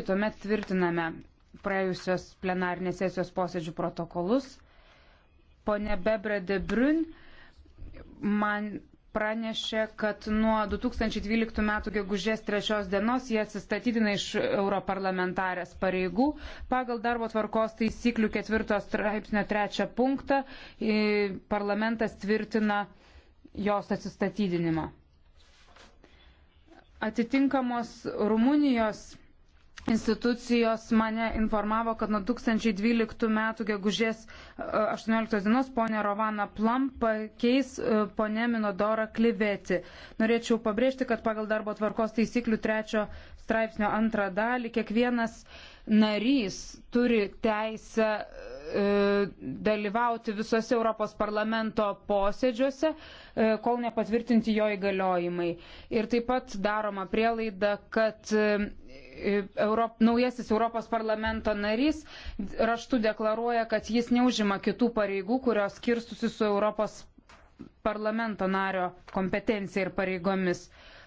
Tuomet tvirtiname praėjusios plenarnės sesijos posėdžių protokolus. Pone Bebra de Brun man pranešė, kad nuo 2012 m. gegužės 3 dienos jie atsistatydina iš europarlamentarės pareigų. Pagal darbo tvarkos taisyklių 4 straipsnio 3 punktą parlamentas tvirtina jos atsistatydinimą. Atitinkamos Rumunijos institucijos mane informavo, kad nuo 2012 metų gegužės 18 e, dienos ponė Rovana Plam pakeis e, ponė Minodora Kliveti. Norėčiau pabrėžti, kad pagal darbo tvarkos taisyklių trečio straipsnio antrą dalį kiekvienas narys turi teisę E, dalyvauti visuose Europos parlamento posėdžiuose, e, kol nepatvirtinti jo įgaliojimai. Ir taip pat daroma prielaida, kad e, Europ, naujasis Europos parlamento narys raštu deklaruoja, kad jis neužima kitų pareigų, kurios skirstusi su Europos parlamento nario kompetencija ir pareigomis. Uh,